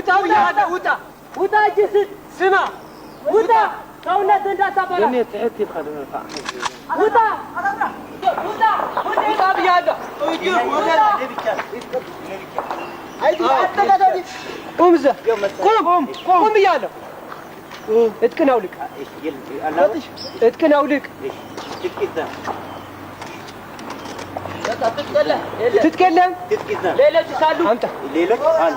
ውጣ ውጣ ውጣ ጅስድ ስማ ውጣ ሰውነት እንዳታበላ ውጣ ውጣ ብያለሁ። ቁም እዛ ቁም ቁም ብያለሁ። እጥቅን አውልቅ እጥቅን አውልቅ ትጥቅ የለም ሌሎች ሳሉ አምጣ ሌሎች አሉ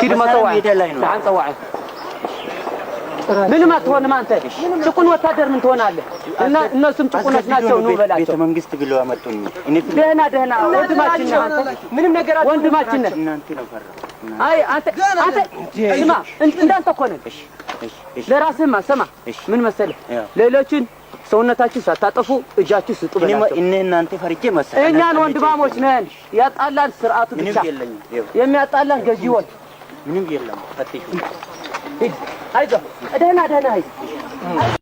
ኪድ አትሆንም። አንተ ጭቁን ወታደር ምን ትሆናለህ? እና እነሱም ጭቁኖች ናቸው ነው በላቸው። ቤተ መንግስት ብለው አመጡኝ። ደህና ደህና ወንድማችን ነህ አንተ፣ ምንም ነገር ወንድማችን ነህ። አይ አንተ አንተ ስማ፣ እንዳንተ እኮ ነህ። ለራስህማ ስማ፣ ምን መሰለህ ሌሎችን ሰውነታችሁ ሳታጠፉ እጃችሁ ስጡ። እኔ እናንተ ፈርቼ መሰለኝ። እኛን ወንድማሞች ነን። ያጣላን ስርዓቱ ብቻ የሚያጣላን ገዢዎች ምንም የለም። ፈትሹ። አይዞህ፣ ደህና ደህና